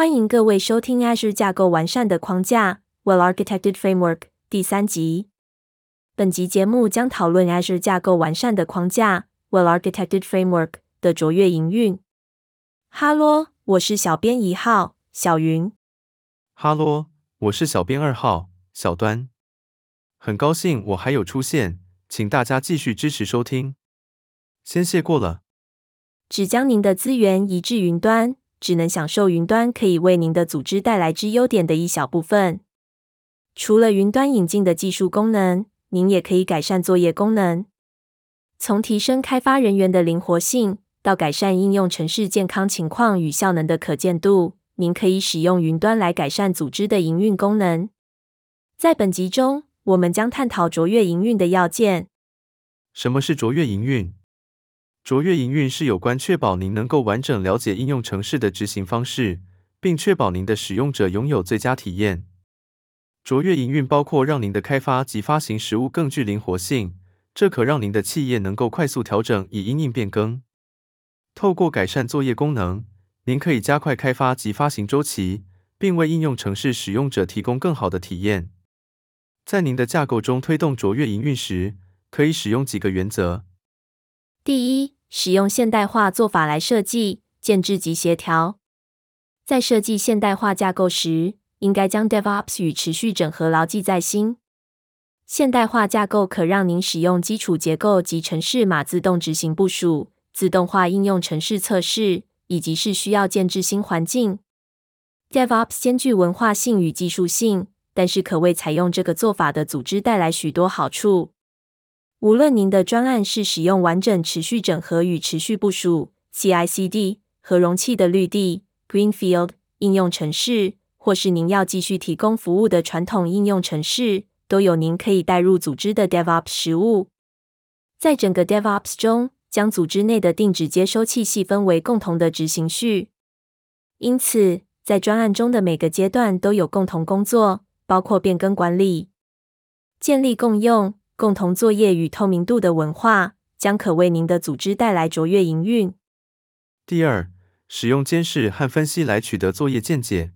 歡迎各位收聽 Azure 架構完善的框架 Well-Architected Framework 第三集。本集節目將討論 Azure 架構完善的框架 Well-Architected Framework 的卓越營運。哈嘍，我是小編一號小雲。哈嘍，我是小編二號小端。很高興我還有出現，請大家繼續支持收聽。先謝過了。只將您的資源移至雲端，只能享受雲端可以為您的組織帶來之優點的一小部分。除了雲端引進的技術功能，您也可以改善作業功能，從提升開發人員的靈活性，到改善應用程式健康情況與效能的可見度。您可以使用雲端來改善組織的營運功能。在本集中，我們將探討卓越營運的要件。什麼是卓越營運？卓越營運是有關確保您能夠完整了解應用程式的執行方式，並確保您的使用者擁有最佳體驗。卓越營運包括讓您的開發及發行實務更具靈活性，這可讓您的企業能夠快速調整以因應變更。透過改善作業功能，您可以加快開發及發行週期，並為應用程式使用者提供更好的體驗。在您的架構中推動卓越營運時，可以使用幾個原則。第一，使用現代化做法來設計、建置及協調。在設計現代化架構時，應該將 DevOps 與持續整合牢記在心。現代化架構可讓您使用基礎結構及程式碼自動執行部署、自動化應用程式測試，以及是需要建置新環境。DevOps 兼具文化性與技術性，但是可為採用這個做法的組織帶來許多好處。無論您的專案是使用完整持續整合與持續部署 （CI/CD） 和容器的綠地 （Greenfield） 應用程式，或是您要繼續提供服務的傳統應用程式，都有您可以帶入組織的 DevOps 實務。在整個 DevOps 中，將組織內的定制接收器細分為共同的執行序，因此在專案中的每個階段都有共同工作，包括變更管理、建立共用。共同作業與透明度的文化將可為您的組織帶來卓越營運。第二，使用監視和分析來取得作業見解。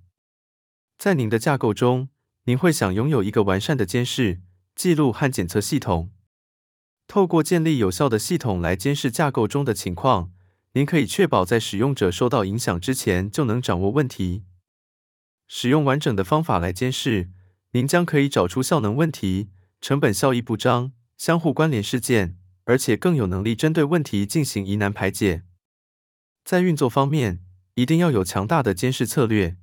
在您的架構中，您會想擁有一個完善的監視、記錄和檢測系統。透過建立有效的系統來監視架構中的情況，您可以確保在使用者受到影響之前就能掌握問題。使用完整的方法來監視，您將可以找出效能問題。成本效益不彰、相互關聯事件，而且更有能力針對問題進行疑難排解。在運作方面，一定要有強大的監視策略，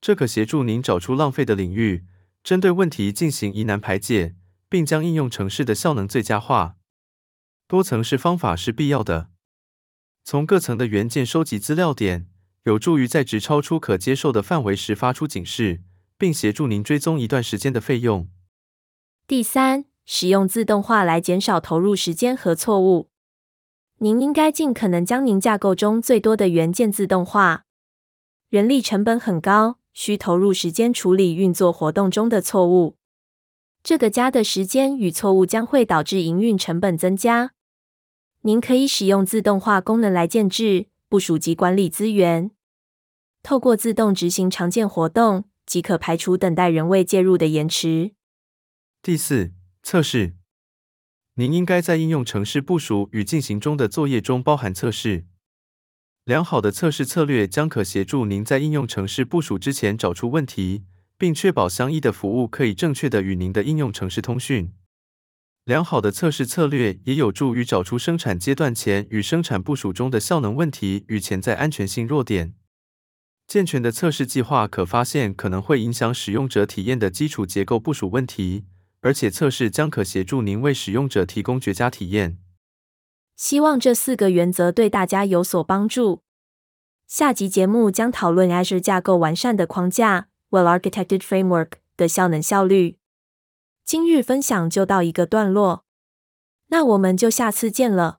這可協助您找出浪費的領域，針對問題進行疑難排解，並將應用程式的效能最佳化。多層式方法是必要的，從各層的元件收集資料點，有助於在值超出可接受的範圍時發出警示，並協助您追蹤一段時間的費用。第三，使用自動化來減少投入時間和錯誤。您應該盡可能將您架構中最多的元件自動化。人力成本很高，需投入時間處理運作活動中的錯誤。這個加的時間與錯誤將會導致營運成本增加。您可以使用自動化功能來建置部署及管理資源。透過自動執行常見活動，即可排除等待人為介入的延遲。第四，測試。您應該在應用程式部署與進行中的作業中包含測試。良好的測試策略將可協助您在應用程式部署之前找出問題，並確保相依的服務可以正確地與您的應用程式通訊。良好的測試策略也有助於找出生產階段前與生產部署中的效能問題與潛在安全性弱點。健全的測試計劃可發現可能會影響使用者體驗的基礎結構部署問題。而且測試將可協助您為使用者提供絕佳體驗。希望這四個原則對大家有所幫助。下集節目將討論 Azure 架構完善的框架，Well-Architected Framework 的效能效率。今日分享就到一個段落，那我們就下次見了。